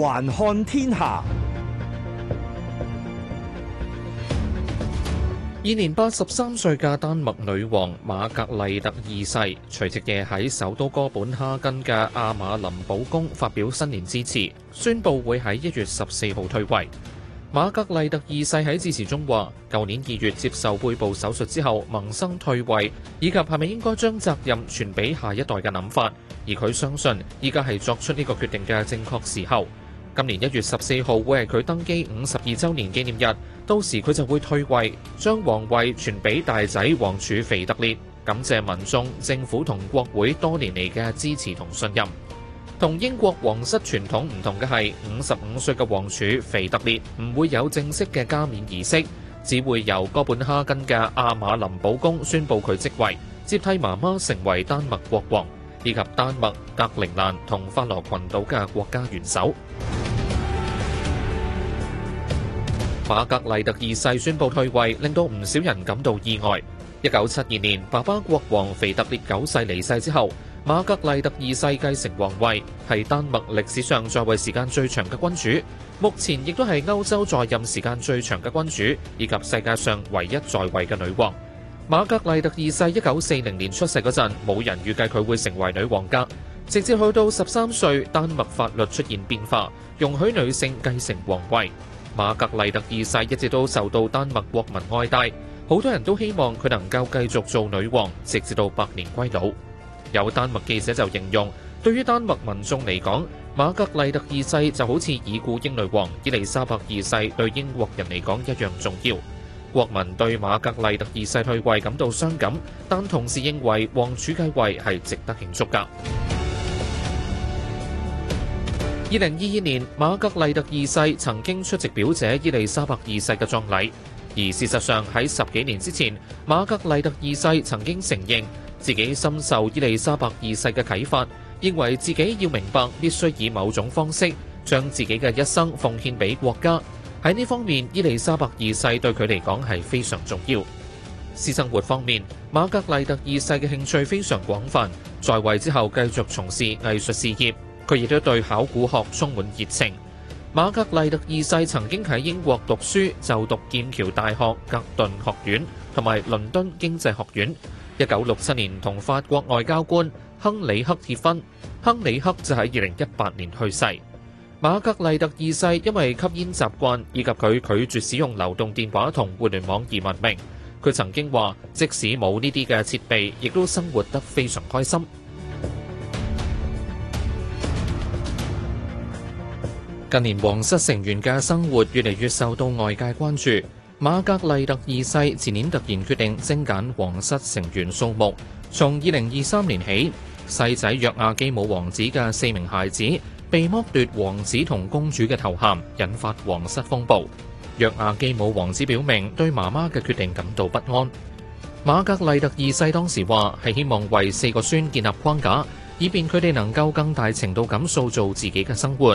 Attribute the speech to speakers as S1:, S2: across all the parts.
S1: 環看天下，現年八十三歲嘅丹麥女王瑪格麗特二世，除夕夜喺首都哥本哈根嘅阿馬林堡宮發表新年致辭，宣布會喺一月十四號退位。瑪格麗特二世喺致辭中話：舊年二月接受背部手術之後萌生退位，以及係咪應該將責任傳俾下一代嘅諗法，而佢相信依家係作出呢個決定嘅正確時候。今年一月十四號會係佢登基五十二周年紀念日，到時佢就會退位，將皇位傳俾大仔王儲腓特烈，感謝民眾、政府同國會多年嚟嘅支持同信任。同英國皇室傳統唔同嘅係，五十五歲嘅王儲腓特烈唔會有正式嘅加冕儀式，只會由哥本哈根嘅阿馬林堡宮宣布佢即位，接替媽媽成為丹麥國王，以及丹麥、格陵蘭同法羅群島嘅國家元首。瑪格麗特二世宣布退位，令到唔少人感到意外。一九七二年，爸爸國王腓特烈九世離世之後，瑪格麗特二世繼承皇位，係丹麥歷史上在位時間最長嘅君主，目前亦都係歐洲在任時間最長嘅君主，以及世界上唯一在位嘅女王。瑪格麗特二世一九四零年出世嗰陣，冇人預計佢會成為女王㗎，直至去到十三歲，丹麥法律出現變化，容許女性繼承皇位。瑪格麗特二世一直都受到丹麥國民愛戴，好多人都希望佢能夠繼續做女王，直至到百年歸老。有丹麥記者就形容，對於丹麥民眾嚟講，瑪格麗特二世就好似已故英女王伊麗莎白二世對英國人嚟講一樣重要。國民對瑪格麗特二世退位感到傷感，但同時認為王儲繼位係值得慶祝噶。二零二二年，瑪格麗特二世曾經出席表姐伊麗莎白二世嘅葬禮，而事實上喺十幾年之前，瑪格麗特二世曾經承認自己深受伊麗莎白二世嘅啟發，認為自己要明白必須以某種方式將自己嘅一生奉獻俾國家。喺呢方面，伊麗莎白二世對佢嚟講係非常重要。私生活方面，瑪格麗特二世嘅興趣非常廣泛，在位之後繼續從事藝術事業。佢亦都對考古學充滿熱情。瑪格麗特二世曾經喺英國讀書，就讀劍橋大學格頓學院同埋倫敦經濟學院。一九六七年同法國外交官亨里克結婚，亨里克就喺二零一八年去世。瑪格麗特二世因為吸煙習慣以及佢拒絕使用流動電話同互聯網而聞名。佢曾經話：即使冇呢啲嘅設備，亦都生活得非常開心。近年皇室成員嘅生活越嚟越受到外界關注。瑪格麗特二世前年突然決定精簡皇室成員數目，從二零二三年起，細仔約亞基姆王子嘅四名孩子被剝奪王子同公主嘅頭銜，引發皇室風暴。約亞基姆王子表明對媽媽嘅決定感到不安。瑪格麗特二世當時話：係希望為四個孫建立框架，以便佢哋能夠更大程度咁塑造自己嘅生活。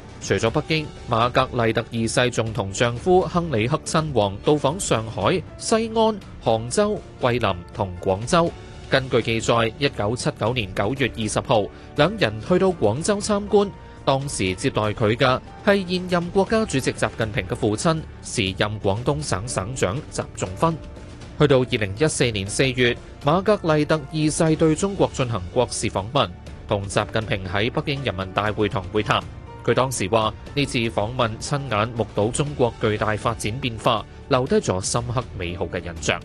S1: 除咗北京，瑪格麗特二世仲同丈夫亨利克親王到訪上海、西安、杭州、桂林同廣州。根據記載，一九七九年九月二十號，兩人去到廣州參觀，當時接待佢嘅係現任國家主席習近平嘅父親，時任廣東省省長習仲勳。去到二零一四年四月，瑪格麗特二世對中國進行國事訪問，同習近平喺北京人民大會堂會談。佢當時話，呢次訪問親眼目睹中國巨大發展變化，留低咗深刻美好嘅印象。